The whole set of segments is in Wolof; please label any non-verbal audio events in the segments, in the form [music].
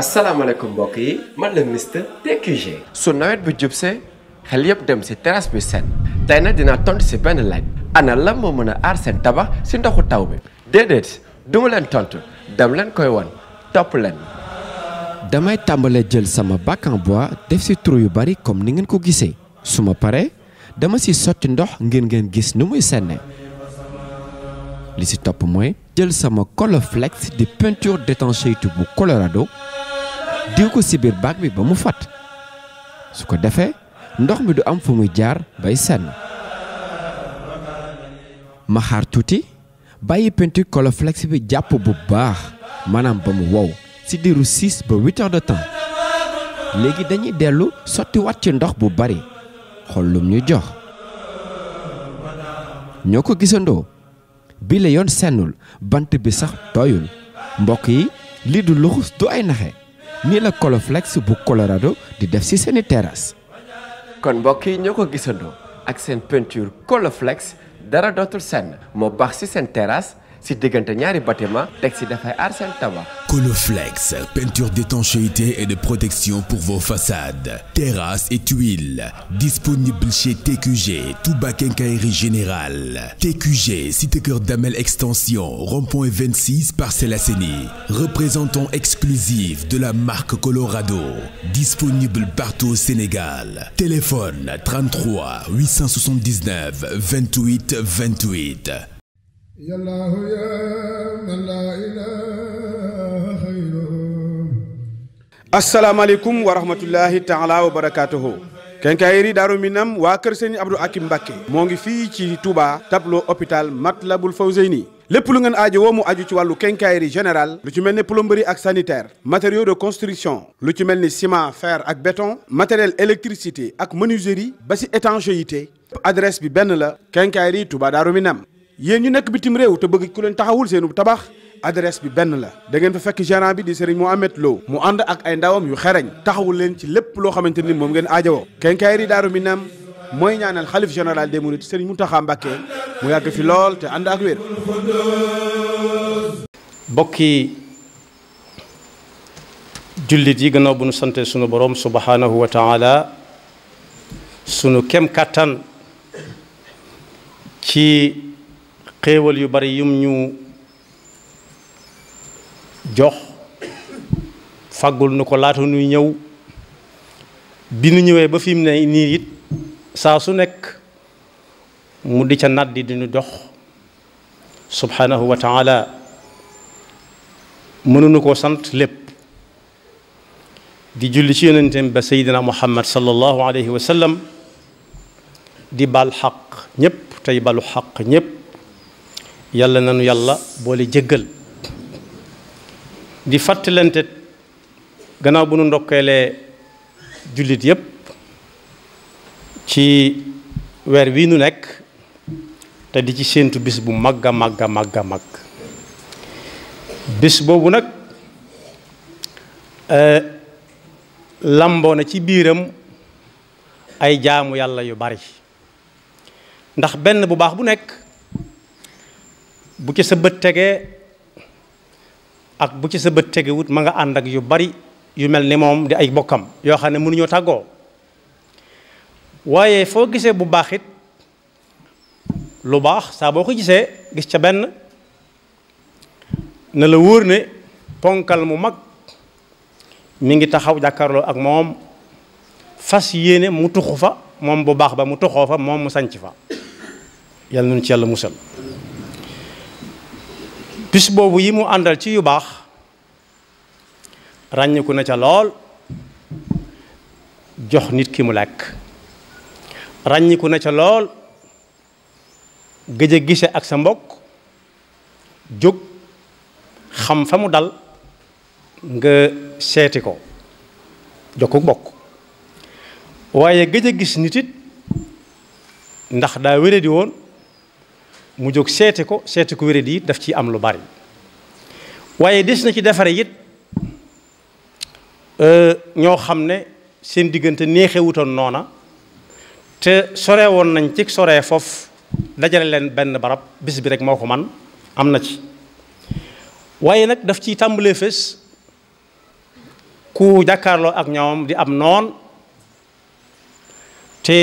asalaamaaleykum mbokk yi man la Mister TQG. su nawet bi jubsee xel yëpp dem si terrasse bi seen tey nag dinaa tontu si benn laaj ana lan moo mën a aar seen tabax si ndoxu taw bi déedéet du ma leen tontu dem koy wan topp leen. damay tàmbalee jël sama bac en bois def si trou yu bari comme ni ngeen ko gisee su ma paree dama si sotti ndox ngeen ngeen gis nu muy senne li si topp mooy. jël sama coloflex di peinture d'étanchéité bu colorado diw ko si biir baag bi ba mu fat su ko defee ndox mi du am fu muy jaar bay senn ma xaar tuuti bàyyi peinture coloflex bi jàpp bu baax maanaam ba mu wow si diiru 6 ba 8 heures de temps léegi dañuy dellu sottiwaat ci ndox bu bari xool lum ñu jox ñoo ko gisandoo bi la yoon sennul bant bi sax tooyul mbokk yi lii du luxus du ay naxe nii la Coloflex bu Colorado di def si seeni terrasse kon mbokk yi ñoo ko gisandoo ak seen peinture Coloflex dara dootul senn moo baax ci seen terrasse si diggante ñaari bâtiment teg si dafay aar seen tabax. Coloflex peinture d'étanchéité et de protection pour vos façades terrasses et tuiles disponible chez TQG Touba Quincaillerie Générale TQG Cité Keur Damel extension rond-point 26 Parcelles Assainies représentant exclusif de la marque Colorado disponible partout au Sénégal téléphone 33 879 28 28 يالله يا من لا إله غيره asalaamaaleykum wa rahmatullahi taala wa barakaatuhu kenkaayeri daaru minam waa kër sëñ Abdou Akim Mbàkke moo ngi fii ci Touba tableau hôpital Matlabul Fawzeyni lépp lu ngeen aajo woo mu aju ci wàllu quincaillerie général lu ci mel ni plomberie ak sanitaire matériaux de construction lu ci mel ni ciment fer ak béton matériel électricité ak menuiserie ba si étanchéité adresse bi benn la quincaillerie Touba Daaru Minam yéen ñu nekk bitim réew te bëgg ku leen taxawul seenu bu tabax adresse bi benn la da ngeen fa fekk gérant bi di Serigne Mohamed Lo mu ànd ak ay ndawam yu xereñ taxawul leen ci lépp loo xamante ni moom ngeen aajowoo kenkaayri daaru minam mooy ñaanal xalif général des mourides Serigne Mountakha Mbacké mu yàgg fi lool te ànd ak wér bokki jullit yi gannaaw bu nu sante sunu borom subhanahu wa taala sunu kem kàttan ci xéewal yu bari yum ñu jox faggul nu ko laata nuy ñëw bi nu ñëwee ba fi mu ne nii it saa su nekk mu di ca naddi di nu jox subhanahu wa taala mënunu koo sant lépp di julli ci yonenteem ba seydina muhammad sallallahu alayhi wa di bal xaq ñépp tey balu xaq ñépp yàlla nanu yàlla boole jéggal di fàttalante gannaaw bu nu ndokkeelee jullit yépp ci weer wi nu nekk te di ci séentu bis bu mag a mag a mag mag bis boobu nag euh, lamboo na ci biiram ay jaamu yàlla yu bari ndax benn bu baax bu nekk bu ci sa bët tegee ak bu ci sa bët tegewut ma nga ànd ak yu bari yu mel ni moom di ay bokkam yoo xam ne mënuñoo tàggoo waaye foo gisee bu baax it lu baax saa boo ko gisee gis ca benn na la wóor ne ponkal mu mag mu ngi taxaw jàkkaarloo ak moom fas yéene mu tuxu fa moom bu baax ba mu tuxoo fa moom mu sanc fa yàlla nañu ci yàlla musal bis boobu yi mu àndal ci yu baax ràññiku na ca lool jox nit ki mu lekk ràññiku na ca lool gëj a gise ak sa mbokk jóg xam fa mu dal nga seeti ko jokku mbokk waaye gëj a gis nit ndax daa wéradi woon mu jóg seete ko seete ko wéradi it daf ciy am lu bari waaye des na ci defare it euh, ñoo xam ne seen diggante neexewutoon noona te sorewoon nañ ci sore foofu dajale leen benn barab bis bi rek moo ko man am na ci waaye nag daf ciy tàmbalee fés ku jàkkaarloo ak ñoom di am noon te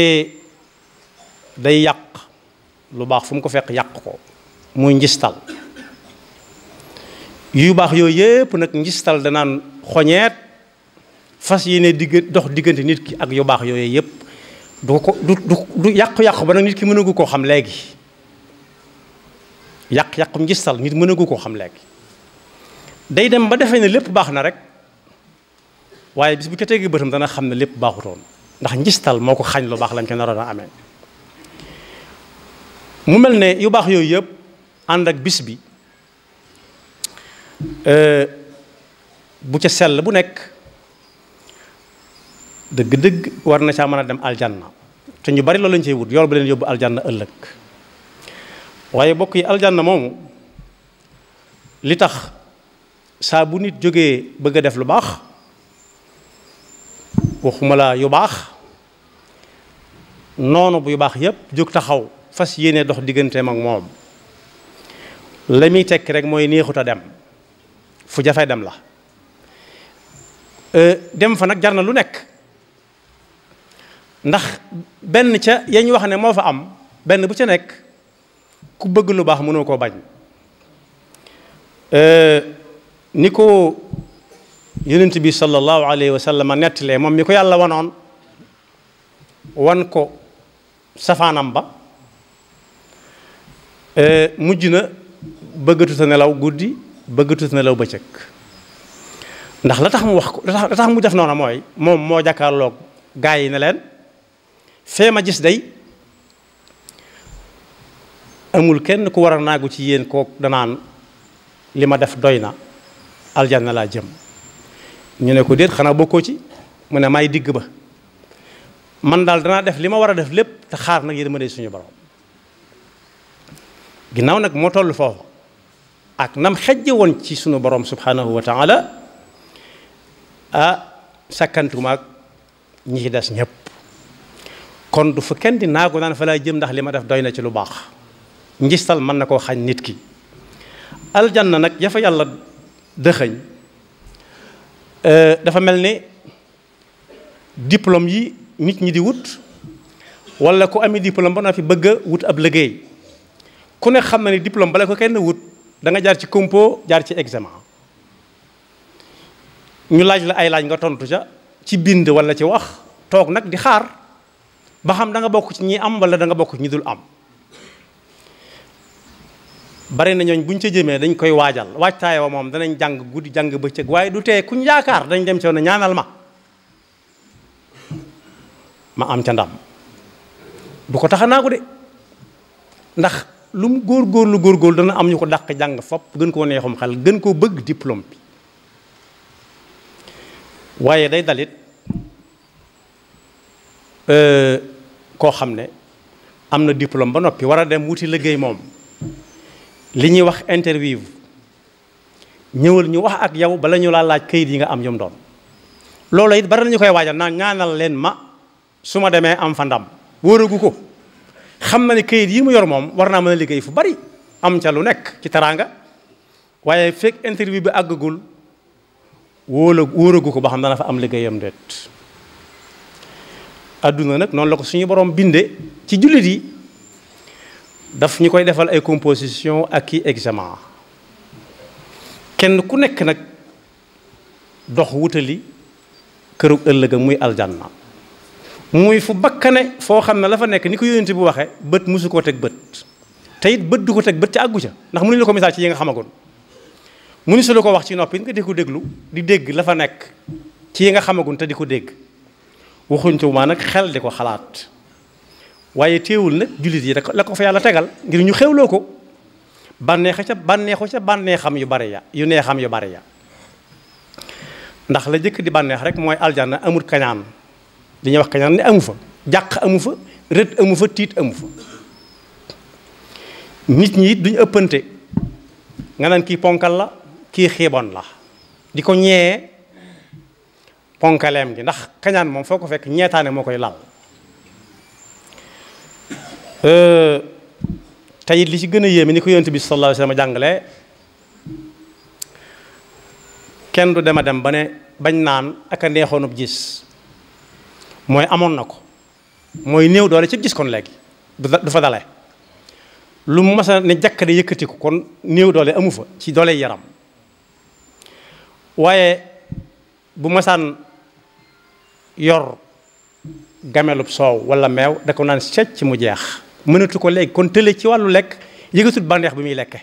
day yàq lu baax fu mu ko fekk yàq ko muy njistal yu baax yooyu yépp nag njistal danaan xoñeet fas yéene digg dox diggante nit ki ak yu baax yooyu yépp du ko du du yàqu-yàqu ba nag nit ki mënagu koo xam léegi yàq-yàqu njistal nit mënagu koo xam léegi day dem ba defee ne lépp baax na rek waaye bis bu ca tegee bëtam dana xam ne lépp baaxutoon ndax njistal moo ko xañ lu baax lañ ko naroon a amee mu mel ne yu baax yooyu yëpp ànd ak bis bi euh, bu ca sell bu nekk dëgg-dëgg war na caa mën a dem aljana te ñu bari loolu lañ cey wut yool ba leen yóbbu aljana ëllëg waaye bokk yi aljana moomu li tax saa bu nit jógee bëgg a def lu baax waxuma yu baax noonu bu yu baax yépp jóg taxaw fas yéene dox digganteem ak moom la muy tekki rek mooy neexut dem fu jafe dem la euh, dem fa nag jar na lu nekk ndax benn ca ya ñu wax ne moo fa am benn bu ca nekk ku bëgg lu baax mënoo koo bañ euh, ni ko yonent bi sallallahu alayhi wa sallam nettalee moom mi ko yàlla wanoon wan ko safaanam ba Eh, mujj na bëggatu nelaw guddi bëggatu sa nelaw bëccëg ndax la tax mu wax ko la tax mu def noonu mooy moom moo jàkkaarloog gaa yi ne leen fee ma gis dey amul kenn ku war a naagu ci yéen kook danaan li ma def doy na aljanna laa jëm ñu ne ko déet xanaa bokkoo ci mu ne maay digg ba man daal danaa def li ma war a def lépp te xaar nag yéen ma dee suñu borom ginnaaw nag moo toll foofu ak nam xejje woon ci suñu borom subhanahu wa taala ah sakkantumaak ñi ci des ñëpp kon du fa kenn di naagu naan fa laa jëm ndax li ma def doy na ci lu baax njistal man na koo xañ nit ki aljanna nag yafa yàlla dëxëñ e, dafa mel ni diplôme yi nit ñi di wut wala ku ami diplôme ba naa fi bëgg wut ab liggéey ku ne xam na ni diplôme bala ko kenn wut da nga jaar ci compo jaar ci examen ñu laaj la ay laaj nga tontu ca ci bind walla ci wax toog nag di xaar ba xam danga bokk ci ñii am wala da nga bokk ci ñi dul am bari na ñooñ buñ ñu ca jëmee dañ koy waajal waajtaay moom danañ jàng guddi jàng bëccëg waaye du tee kuñ yaakaar dañ dem ci woon ñaanal ma ma am ca ndam du ko tax a naagu de ndax lu mu góor góor dana am ñu ko dàq jàng fopp gën koo neexum xel gën koo bëgg diplôme bi waaye day dalit euh, koo xam ne am na diplôme ba noppi war a dem wuti liggéey moom li ñuy wax interview ñëwal ñu wax ak yow bala ñu laa laaj kayit yi nga am yom doon loolu it bari nañu koy waajal naa ñaanal leen ma su ma demee am fa ndam wóoragu ko xam na ne kayit yi mu yor moom war naa mën a liggéey fu bari am ca lu nekk ci teraanga waaye fekk interview bi àggagul wóola wóoragu ko ba xam dana fa am liggéeyam déet adduna nag noonu la ko suñu borom binde ci jullit yi daf ñu koy defal ay composition ak i examen kenn ku nekk nag dox wutali këru ëllëga muy aljanna muy fu bakkane foo xam ne la fa nekk ni ko yónente bu waxee bët mosu koo teg bët te it bët du ko teg bët ca àggu ca ndax mënuñu la ko misaal ci yi nga xamagoon mënuñu su la ko wax ci noppi nga di ko déglu di dégg la fa nekk ci yi nga xamagoon te di ko dégg waxuñ ci nag xel di ko xalaat waaye teewul nag jullit yi la ko fa yàlla tegal ngir ñu xewloo ko bànneexa ca bànneexu ca bànneexam yu bari ya yu neexam yu bari ya ndax la jëkk di bànneex rek mooy aljanna amul kañaan li ñuy wax kañaan ne amu fa jàq amu fa rët amu fa tiit amu fa nit ñi it duñ ëppante nga naan kii ponkal la kii xiibon la di ko ñee ponkaleem gi ndax kañaan moom foo ko fekk ñeetaane moo koy lal euh, teyit li ci gën a yéeme ni ko yonent bi sallallahu alayhi wasallam jàngale kenn du dema dem ba ne bañ naan ak a neexoonub gis mooy amoon na ko mooy néew doole ci gis kon léegi du fa dalee lu mu mas a ne jàkk de yëkkatiku kon néew doole amu fa ci doole yaram waaye bu masaan yor gamelub soow wala meew da ko naan ci mu jeex mënatu ko léegi kon tële ci wàllu lekk yëgatut bàndeex bi muy lekke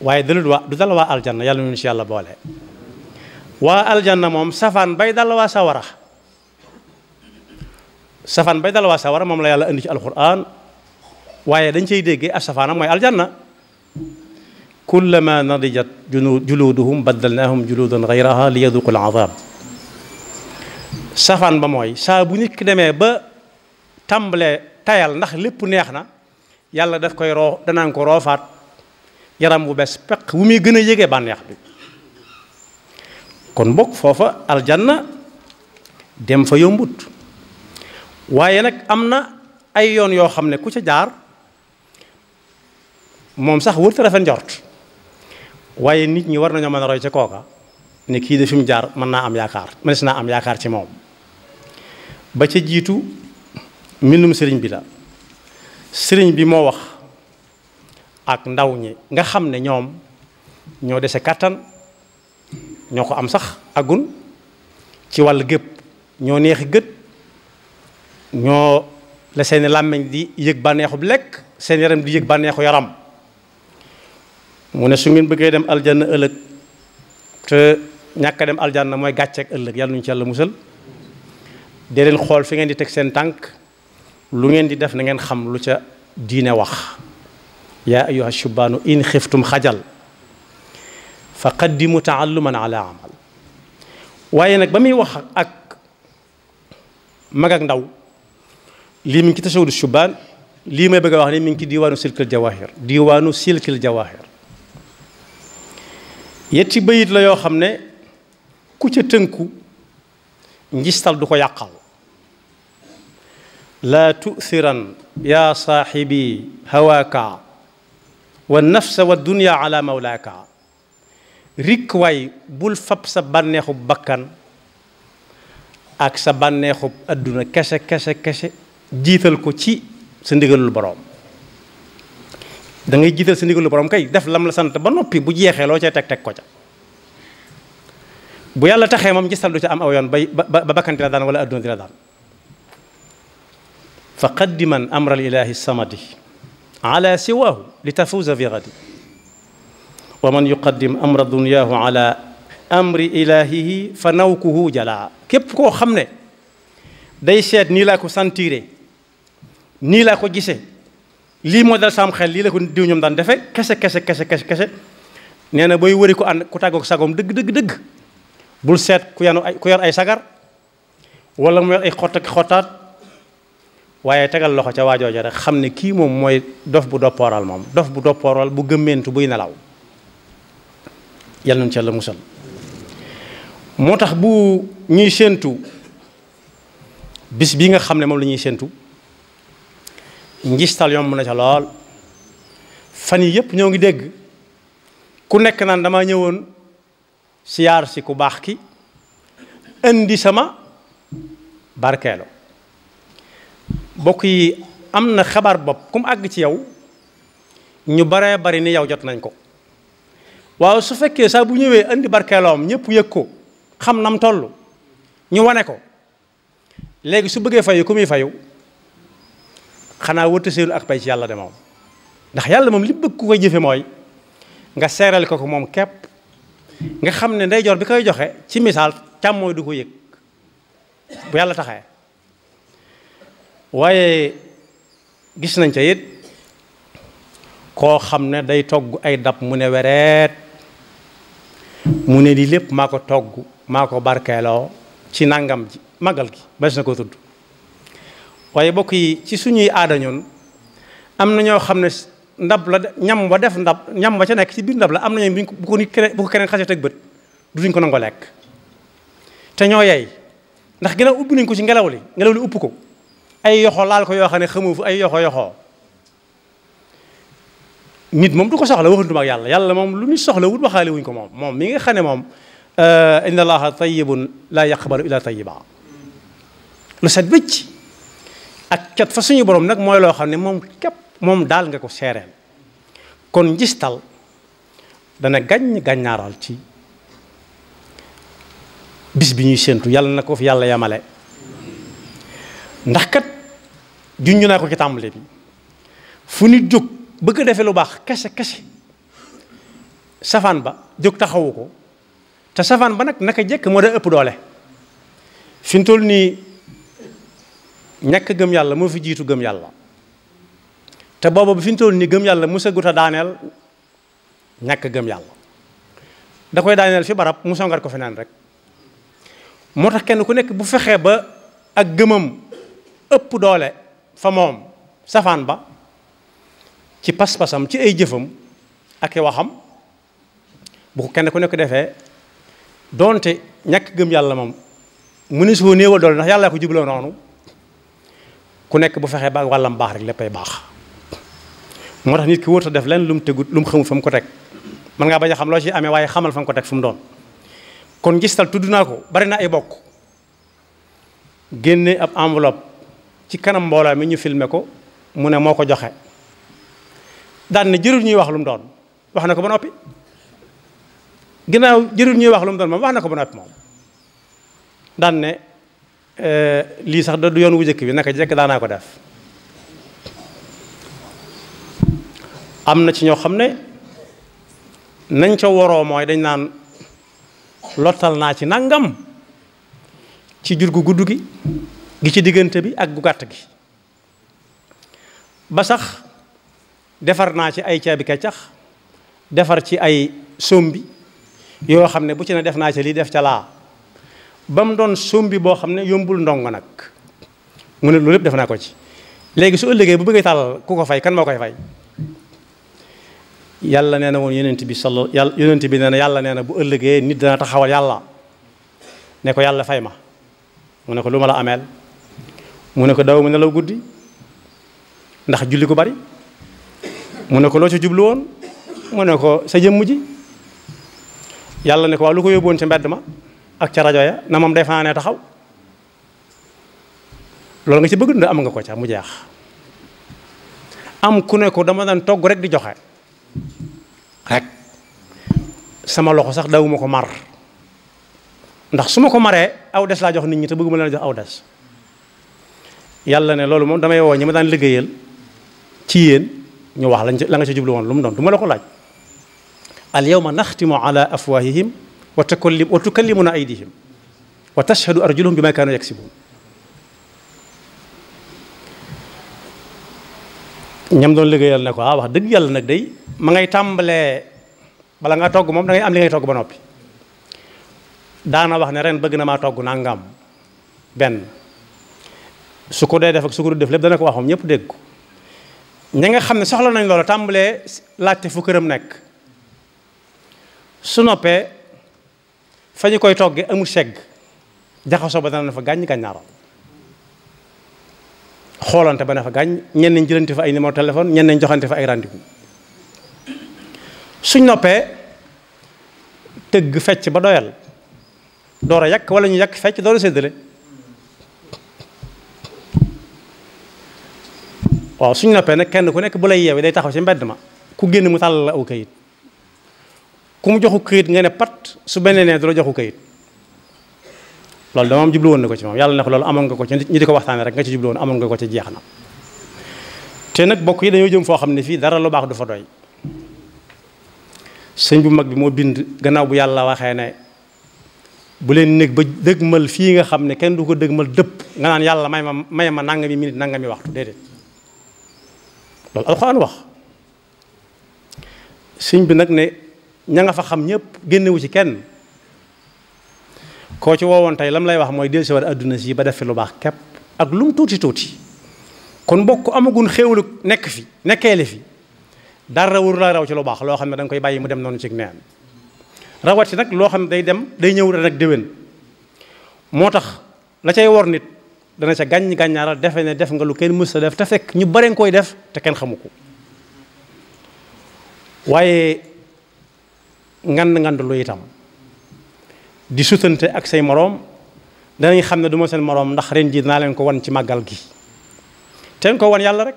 waaye dalul waa du dal waa aljanna yàlla ñu ci yàlla boole waa aljanna moom safaan bay dal sawara safaan bay dal waa sawara moom la yàlla indi ci alquran waaye dañ cay déggee a safaana mooy aljanna kullama nadijat juluuduhum baddalnaahum juluudan gayraha li yaduqu alazab safaan ba mooy saa bu nit demee ba tàmbalee tayal ndax lépp neex na yàlla def koy roo ko roofaat yaram wu bees peq wu muy gën a yëgee bànneex bi kon mbokk foofa aljanna dem fa yombut waaye nag am na ay yoon yoo xam ne ku ca jaar moom sax wërta rafet njort waaye nit ñi war nañoo mën a roy ca kooka ne kii de fi mu jaar mën naa am yaakaar mënees naa am yaakaar ci moom ba ci jiitu mbindum sëriñ bi la sëriñ bi moo wax ak ndaw ñi nga xam ne ñoom ñoo dese kàttan ñoo ko am sax agun ci wàll gépp ñoo neexi gët ñoo la seeni làmmiñ di yëg bànneexub lekk seen yaram di yëg bànneexu yaram mu ne su ngeen bëggee dem aljanna ëllëg te ñàkka dem aljanna mooy gàcceek ëllëg yàlla nuñu ci yàlla musal dee leen xool fi ngeen di teg seen tànk lu ngeen di def na ngeen xam lu ca diine wax yaa ayyuha shubaanu in xiftum xajal fa qaddimu taalluman ala amal waaye nag ba muy wax ak mag ndaw lii mu ngi ci tashawudu lii may bëgg a wax ni mi ngi ci diiwaanu silkil jawahir diiwaanu silkil jawahir yetti bayit la yoo xam ne ku ca tënku njistal du ko yàqal laa tu'thiran yaa saaxibi hawaaka wa nafsa wa dunya ala mawlaaka rikk waay bul fab sa bànneexu bànneexub bakkan ak sa bànneexub àdduna kese kese kese jiital ko ci sa ndigalul boroom da ngay jiital sa ndigalul boroom kay def lam la sant ba noppi bu jeexee loo cay teg teg ko ca bu yàlla taxee moom gisal du ci am aw yoon bay ba bakkan dina daan wala àdduna dina daan fa qaddiman amral ilaahi samadi ala siwaahu li tafuuza bi wa man yuqaddim amra duniyaahu ala amri ilahihi fa naw nawkuhu jalaa képp koo xam ne day seet nii laa ko sentire nii laa ko gise lii moo dal saam xel lii la ko diw ñoom daan defe kese kese kese kese kese nee na bay wëri ko ànd ku tàggoog sagoom dëgg dëgg dëgg bul seet ku yanu ay ku yor ay sagar wala mu yor ay xott ak xottaat waaye tegal loxo ca waajooja rek xam ne kii moom mooy dof bu doppooral moom dof bu doppooral bu gëmmentu buy nelaw yàlla nañ ci yàlla musal moo tax bu ñuy séentu bis bi nga xam ne moom la ñuy séentu ngistal mu ne ca lool fan yi yëpp ñoo ngi dégg ku nekk naan dama ñëwoon siyaar si ku baax ki indi sama barkeelo bokk yi am na xabaar bopp ku mu àgg ci yow ñu baree bari ni yow jot nañ ko waaw su fekkee saa bu ñëwee indi barkeeloom ñëpp yëg ko xam nam toll ñu wane ko léegi su bëggee fayu ku muy fayu xanaa wëtt seenu ak pay ci yàlla de moom ndax yàlla moom li bëgg ku koy jëfe mooy nga seeral ko ko moom képp nga xam ne ndeyjoor bi koy joxe ci misaal càmmooy du ko yëg bu yàlla taxee waaye gis nañ ca it koo xam ne day togg ay dab mu ne wereet mu ne lii lépp maa ko togg maa ko barkeeloo ci nangam ji magal gi bas na ko tudd waaye bokk yi ci suñuy aada ñun am na ñoo xam ne ndab la ñam wa def ndab ñam wa ca nekk ci biir ndab la am na ñoom bu ko nit bu keneen xasee teg bët duñ ko nangoo lekk te ñoo yey ndax gannaaw ubbi nañ ko ci ngelaw li ngelaw li upp ko ay yoxo laal ko yoo xam ne xamu fu ay yoxo yoxo nit moom du ko soxla waxantuma ak yàlla yàlla moom lu nit soxla wut waxaale wuñ ko moom moom mi nga xam ne moom euh, inna allaha tayyibun laa yaqbalu illa tayyiba lu set bëcc ak cat fa suñu boroom nag mooy loo xam ne moom képp moom daal nga ko seereel kon njistal dana gàññ gàññaaral ci bis bi ñuy séentu yàlla na ko fi yàlla yamale ndax kat junju naa ko ci tàmbali bi fu nit jóg bëgg defee lu baax kese kese safaan ba jóg taxawu ko te safaan ba nag naka jekk moo da ëpp doole fi toll nii ñàkk gëm yàlla moo fi jiitu gëm yàlla te booba bi fi mu toll nii gëm yàlla mu sëggut a daaneel ñàkk gëm yàlla da koy daaneel fi barab mu songat ko feneen rek moo tax kenn ku nekk bu fexee ba ak gëmam ëpp doole fa moom safaan ba ci pas-pasam ci ay jëfam ak i waxam bu ko kenn ku nekk defee doonte ñàkk gëm yàlla moom mu ne soo néewal doole ndax yàllaa ko jubloo noonu ku nekk bu fexee ba wàllam baax rek léppay baax moo tax nit ku wërta def lenn lu mu tegut lu mu xamul mu ko teg mën ngaa bañ a xam loo ci amee waaye xamal fa ko teg fu mu doon kon gistal tudd naa ko bari na ay bokk génne ab enveloppe ci kanam mbooloo mi ñu filmer ko mu ne moo ko joxe daan na jërul ñuy wax lu mu doon wax na ko ba noppi ginnaaw jërul ñuy wax lu mu doon moom wax na ko ba noppi moom daane eh, lii sax da du yoon wu njëkk bi naka jekk daanaa ko def am na ci ñoo xam ne nañ ca waroo mooy dañ naan lottal naa ci nangam ci jur gu gudd gi gi ci diggante bi ak gu gàtt gi ba sax defar naa ci ay caabi kaccax defar ci ay sombi yoo xam ne bu ci ne def naa ci lii def ca laa ba mu doon sombi boo xam ne yombul ndongo nag mu ne loolu lépp def naa ko ci léegi su ëllëgee bu bëggee tàllal ku ko fay kan moo koy fay yàlla nee na woon yonent bi solo yàlla yonent bi nee na yàlla nee na bu ëllëgee nit dana taxawal yàlla ne ko yàlla fay ma mu ne ko lu ma la ameel mu ne ko daw mu ne guddi ndax julli ko bari mu ne ko loo ci jublu woon mu ne ko sa jëmm ji yàlla ne ko waaw lu ko yóbboon ca mbedd ma ak ca rajo ya na moom day fanaanee taxaw loolu nga ci bëgg nda am nga ko ca mu jeex am ku ne ko dama daan togg rek di joxe rek sama loxo sax dawuma ko mar ndax su ma ko maree aw des laa jox nit ñi te bëgguma leen jox aw des yàlla ne loolu moom damay woo ñi ma daan liggéeyal ci yéen ñu wax lañ la nga ci jublu woon lu mu doon du ma la ko laaj al yawma naxtimu ala afwahihim wa tukallim wa tukallimuna aydihim wa tashhadu arjuluhum bima kaanu yaksibun ñam doon liggéeyal ne ko ah wax dëgg yàlla nag day ma ngay tàmbalee bala nga togg moom da ngay am li ngay togg ba noppi daana wax ne ren bëgg na maa togg nangam benn su ko dee def ak su ko dul def lépp dana ko wax moom ñëpp dégg ko ñi nga xam ne soxla nañ loolu tàmbalee laajte fu këram nekk su noppee fa ñu koy toggee amul segg jaxasoo ba dana fa gàññ gàññaaral xoolante ba na fa gàññ ñenn nañ jëlante fa ay numéro téléphone ñenn nañ joxante fa ay rendez suñ noppee tëgg fecc ba doyal door a yàq wala ñu yàq fecc door a séddale waaw suñ noppee nag kenn ku nekk bu lay yeewee day taxaw ci mbedd ma ku génn mu tàll la aw kayit ku mu joxu kayit nga ne pat su beneen nee du la joxu kayit loolu dama am jublu na ko ci moom yàlla ne ko loolu ko ci ñi di ko waxtaanee rek nga ci jublu ko ci jeex na nag bokk yi dañoo jëm foo xam ne fii dara lu baax du fa doy sëñ bu mag bi moo bind gannaaw bu yàlla waxee ne bu leen néeg ba dëgmal fii nga xam ne kenn du ko dëgmal dëpp nga naan yàlla may ma may ma nangami minute nangami waxtu déedéet loolu alxuraan wax sëñ bi nag ne ña nga fa xam ñëpp génnewu ci kenn koo ci woowoon tey lam lay wax mooy del si war àdduna si ba def fi lu baax kepp ak lu mu tuuti tuuti kon bokk amagun xéewalu nekk fi nekkeele fi dara waru la raw ci lu baax loo xam ne da koy bàyyi mu dem noonu ci neen rawati nag loo xam ne day dem day ñëw ren ak déwén moo tax la cay wor nit dana ca gàññ gàññaaral defe ne def nga lu kenn mës sa def te fekk ñu bare nga koy def te kenn xamu ko waaye ngand ngand lu itam di sutante ak say moroom danañ xam ne du ma seen moroom ndax ren ji dinaa leen ko wan ci màggal gi teen ko wan yàlla rek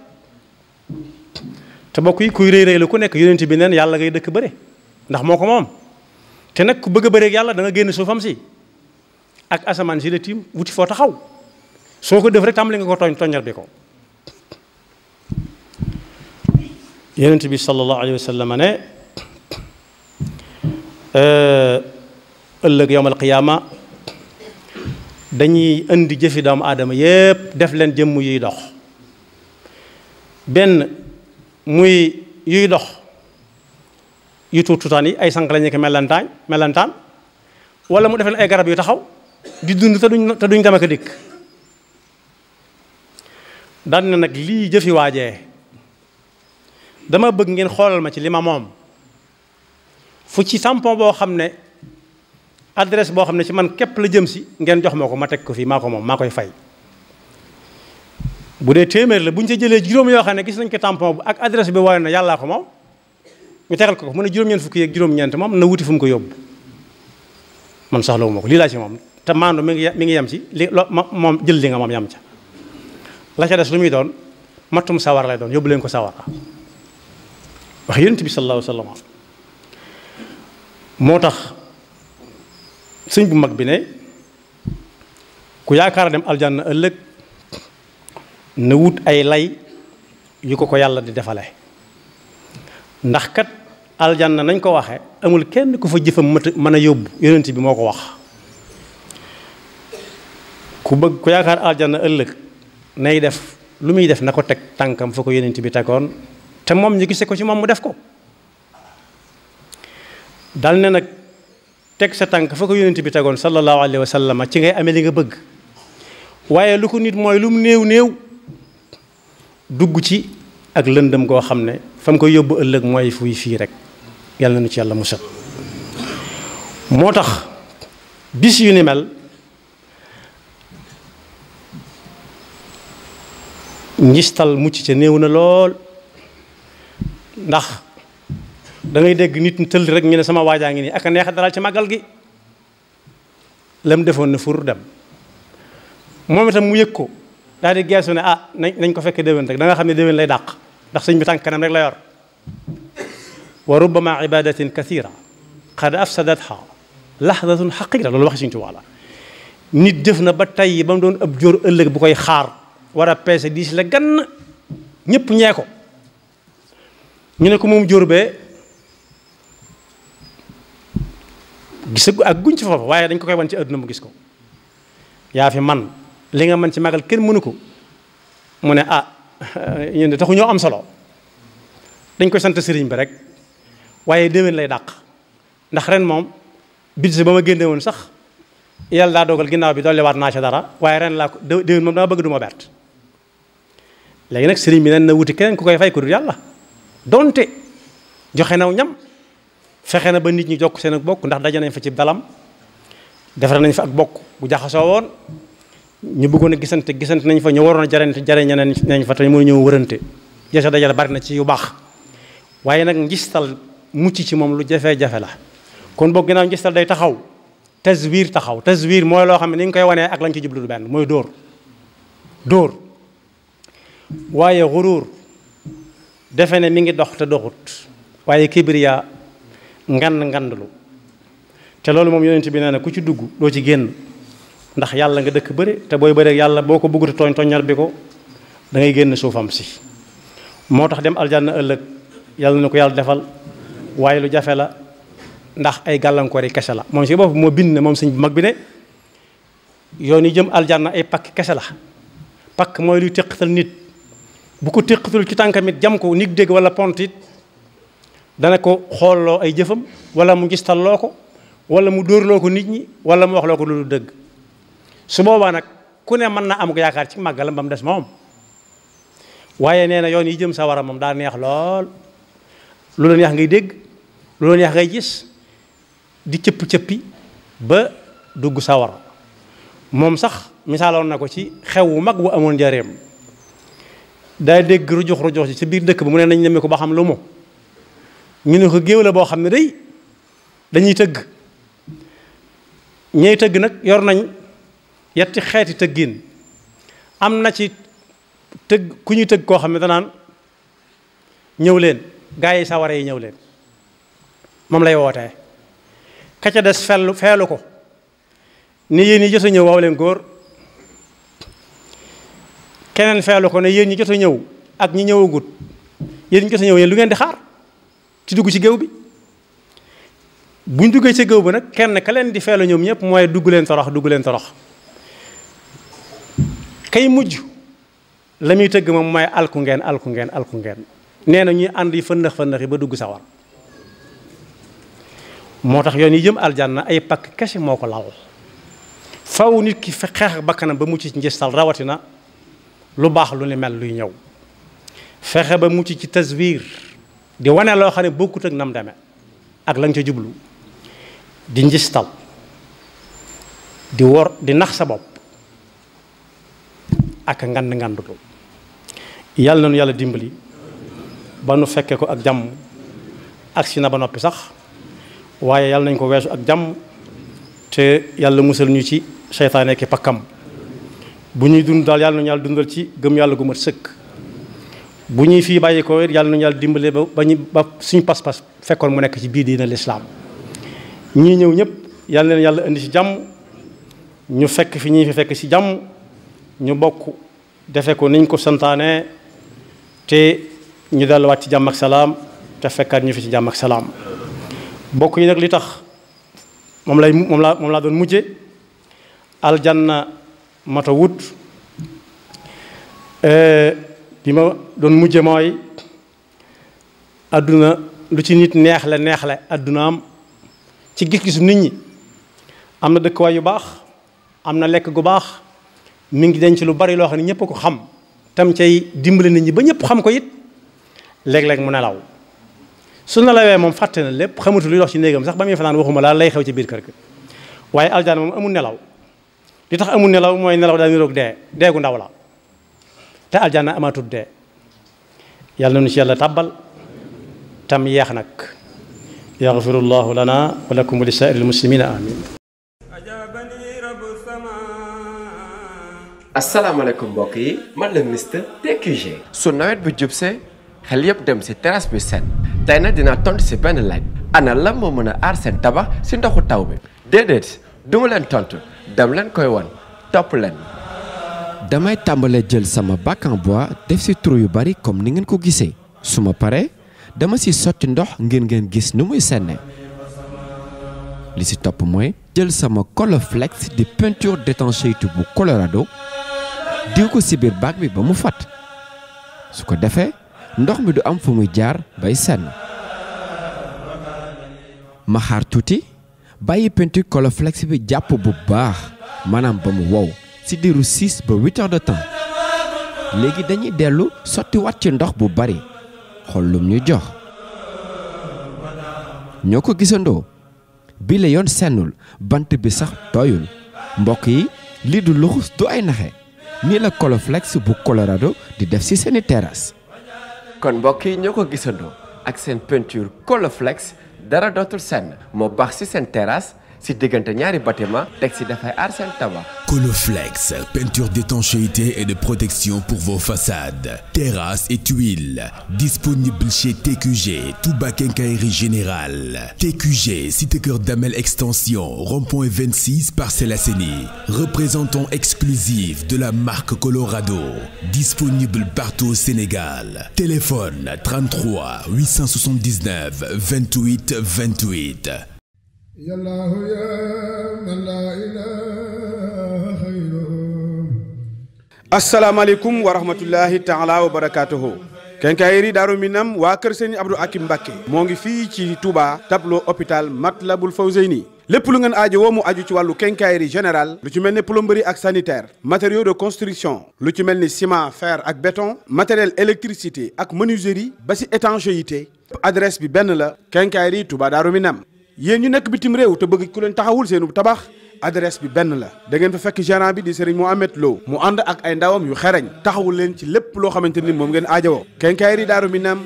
te bokk yi kuy rëy rëy la ku nekk yonent bi neen yàlla ngay dëkk bëre ndax moo ko moom te nag ku bëgg a bëreeg yàlla da génn suufam si ak asamaan si la tiim wuti foo taxaw soo ko def rek li nga ko tooñ tooñar bi ko yonent bi sallallahu alayhi wa sallam ne ëllëg yowmal qiyaama dañuy indi jëfi doomu aadama yépp def leen jëmm yuy dox benn muy yuy dox yu tuutaan yi ay sànq la ñu ko melantaañ wala mu def leen ay garab yu taxaw di dund te duñ te duñ dem ak dikk daan na nag lii jëfi waajee dama bëgg ngeen xoolal ma ci li ma moom fu ci tampon boo xam ne adresse boo xam ne ci man képp la jëm si ngeen jox ma ko ma teg ko fii maa ko moom maa koy fay bu dee téeméer la bu ñu sa jëlee juróom yoo xam ne gis nañ ko tampon bu ak adresse bi waaye na yàllaa ko moom ñu tegal ko ko mu ne juróom-ñeent fukki yeeg juróom-ñeent moom na wuti fu mu ko yóbbu man soxlawu ma ko lii laa ci moom te maandu mi ngi mi si yem ci li moom jël li nga moom yem ca la ca des lu muy doon mattum sawar doon yóbbu leen ko sawar wax yonent bi sallallahu alayhi moo tax sëñ bu mag bi ne ku yaakaar dem aljanna ëllëg na wut ay lay yu ko ko yàlla di defale ndax kat aljanna nañ ko waxe amul kenn ku fa jëfam mën a yóbbu yonent bi moo ko wax ku bëgg ku yaakaar aljanna ëllëg nay def lu muy def na ko teg tànkam fa ko yonent bi tegoon te moom ñu gise ko ci moom mu def ko dal ne nag teg sa tànk fa ko yonent bi tegoon sallallahu alayhi wa sallam ci ngay amee li nga bëgg waaye lu ko nit mooy lu mu néew néew dugg ci ak lëndëm goo xam ne fam ko koy yóbbu ëllëg mooy fuy fii rek yàlla na nu ci yàlla musal moo tax bis yu ni mel ngistal mucc ca néew na lool ndax dangay ngay dégg nit ñi tëll rek ñu ne sama waajaa ngi nii ak a neex dalal ci màggal gi lam defoon na fur dem moom itam mu yëg ko daal di geesu ne ah nañ ko fekkee déwén rek danga xam ne déwén lay daq ndax sëñ bi tànk kanam rek la yor wa rubbama ibadatin kathira qad afsadatha lahdatun xaqira loolu wax sëñ Tuubaa la nit def na ba tey ba mu doon ab jóor ëllëg bu koy xaar war a peese diis la gann ñëpp ñee ko ñu ne ko moom jur bee gisagu ak guñ ci foofu waaye dañ ko koy wan ci àdduna mu gis ko yaa fi man li nga man ci magal kenn mënu ko mu ne ah [laughs] ñu de taxu ñoo am solo dañ koy sant sëriñ bi rek waaye déwén lay dàq ndax ren moom budget ba ma génne woon sax yàlla daa dogal ginnaaw bi waat naa ci dara waaye ren laa ko déwén moom dama bëgg du ma bert léegi nag sëriñ bi nen na wuti keneen ku koy fay ku dul yàlla donte joxe naw ñam fexe na ba nit ñi jokk seen ak bokk ndax daje nañ fa ci balam defar nañ fa ak bokk bu jaxasoo woon ñu buggoon gisante gisante nañ fa ñu waroon a jarante jare ñeneen nañ fa te mënu ñëw wërante jasa dajale bari na ci yu baax waaye nag ngistal mucc ci moom lu jafe-jafe la kon boog ginnaaw ngistal day taxaw taswiir taxaw taswiir mooy loo xam ne ni nga koy wanee ak lañ ci jublu du mooy dóor dóor waaye xuruur defe ne mi ngi dox te doxut waaye kibriya ngand ngandlu te loolu moom yonent bi nee na ku ci dugg doo ci génn ndax yàlla nga dëkk bëri te booy bëri yàlla boo ko bëggut tooñ toññal bi ko da génn suufam si moo tax dem aljanna ëllëg yàlla na ko yàlla defal waaye lu jafe la ndax ay gàllankoor yi kese la moom si bopp moo bind na moom sëñ bu mag bi ne yoon yi jëm aljanna ay pakk kese la pakk mooy luy teqatal nit bu ko téqatul ci tànkamit jam ko nit dégg wala pont dana ko xoolloo ay jëfam wala mu gistalloo ko wala mu dóorloo ko nit ñi wala mu waxloo ko lu dëgg su boobaa nag ku ne mën na am yaakaar ci màggalam ba mu des moom waaye nee na yoon yi jëm sawara moom daa neex lool lu la neex ngay dégg lu la neex ngay gis di cëpp-cëppi ba dugg sawar moom sax misaaloon na ko ci xew wu mag wu amoon jareem daay dégg rujux rujux ci biir dëkk bi mu ne nañ nemmee ko ba xam lu mu ñu ne ko géew la boo xam ne day dañuy tëgg ñey tëgg nag yor nañ yetti xeeti tëggin am na ci tëgg ku ñuy tëgg koo xam ne danaan ñëw leen gaa yi sawara yi ñëw leen moom lay wootee ka ca des fellu feelu ko ni yéen yi jot a ñëw waaw leen góor keneen feelu ko ne yéen ñi jot a ñëw ak ñi ñëwagut yéen ñi jot a ñëw yéen lu ngeen di xaar ci dugg ci géew bi bu ñu duggee ci géew bi nag kenn ka leen di feelu ñoom ñëpp mooy dugg leen torox dugg leen torox kay mujj la muy tëgg moom mooy alku ngeen alku ngeen alku ngeen nee na ñuy ànd yi fëndax fëndax ba dugg sawar moo tax yoon yi jëm aljaan na ay pakk kese moo ko lal faw nit ki xeex bakkanam ba mucc ci njëstal rawatina lu baax lu ni mel luy ñëw fexe ba mucc ci taswiir di wane loo xam ne bokkut ak nam deme ak lañ nga ca jublu di njistal di wor di nax sa bopp ak ngand ngandutu yàlla nañu yàlla dimbali ba nu fekkee ko ak jàmm agsi na ba noppi sax waaye yàlla nañ ko weesu ak jàmm te yàlla musal ñu ci seytaane ki pakkam bu ñuy dund daal yàlla na ñu yàlla dundal ci gëm yàlla gu mat sëkk bu ñuy fii bàyyi ko yàlla na ñu yàlla dimbale ba ba ñu suñu pas-pas fekkoon mu nekk ci biir diina lislaam ñii ñëw ñëpp yàlla na leen yàlla indi ci jàmm ñu fekk fi ñu fi fekk ci jàmm ñu bokk defe ko niñ ko santaane te ñu delluwaat ci jàmm ak salaam te fekkaat ñu fi ci jàmm ak salaam bokk yi nag li tax moom lay moom laa moom laa doon mujje aljanna mata wut bi eh, ma doon mujje mooy àdduna lu ci nit neex la neex la àdduna ci gis-gisu nit ñi am na dëkkuwaay yu baax am na lekk gu baax mi ngi denc lu bari loo xam ne ñëpp ko xam tam cay dimbale nit ñi ba ñëpp xam ko it léeg-léeg mu nelaw su nelawee moom fàtte na lépp xamatu luy dox ci néegam sax ba muy fanaan waxuma laa lay xew ci biir kër ga waaye aljana moom amul nelaw li tax amul nelaw mooy nelaw daa niroog dee dee gu ndaw la te aljanna amatul dee yàlla na nu ci yàlla tàbbal tam yeex nag yaxfirullahu lana wa li saa'iril muslimina amin mbokk yi man su nawet bi jubsee xel yëpp dem si terrasse bi tey nag dinaa tontu si benn laaj ana lan moo mën a aar seen tabax si ndoxu taw bi déedéet du ma tontu dam leen koy wan topp leen damay tàmbale jël sama bac en bois def ci trou yu bari comme ni ngeen ko gisee su ma paree dama ci sotti ndox ngeen ngeen gis nu muy senne li ci topp mooy jël sama Colorflex di peinture d'étanchéité bu Colorado diw ko ci biir bac bi ba mu fat su ko defee ndox mi du am fu muy jaar bay senn ma xaar tuuti bàyyi peinture coloflex bi jàpp bu baax maanaam ba mu wow ci diiru 6 ba 8 heures de léegi dañuy dellu sottiwaat ci ndox bu bari xollum ñu jox ñoo ko gisandoo bi la yoon sennul bant bi sax tooyul mbokk yi lii du luxus du ay naxe nii la coloflex bu Colorado di def ci seeni teraas kon mbokk yi ñoo ko gisandoo ak seen peinture coloflex dara dootul senn moo baax si seen terrasse si diggante ñaari bâtiment teg si dafay aar seen tabax. Coloflex peinture d'étanchéité et de protection pour vos façades terrasses et tuiles disponible chez TQG Touba Quincaillerie Générale TQG cité Keur Damel extension vingt point par Parcelles Assainies représentant exclusif de la marque Colorado disponible partout au Sénégal téléphone 33 879 28 28 yallaahu yaa man laa ilaaha xayruhu asalaamaaleykum wa rahmatullahi taala wa barakaatuhu kenkaayeri daaru minam waa kër sëñ Abdou Akim Mbacke moo ngi fii ci Touba tableau hôpital Matlaboul Fawzeyni lépp lu ngeen aajo woo mu aju ci wàllu quincaillerie générale lu ci mel ni plomberie ak sanitaire matériaux de construction lu ci mel ni ciment fer ak béton matériel électricité ak menuiserie ba si étanchéité adresse bi benn la quincaillerie Touba Darou Minam yéen ñu nekk bitim réew te bëgg ku leen taxawul seen seenu tabax adresse bi benn la dangeen fa fekk gérant bi di Serigne Mohamed Lo mu ànd ak ay ndawam yu xereñ taxawul leen ci lépp loo xamante ni moom ngeen aajowoo kenkaayri daaru mi nam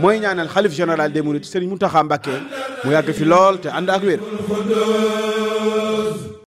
mooy ñaanal xalif général des mourides Serigne Mountakha Mbacké mu yàgg fi lool te ànd ak wér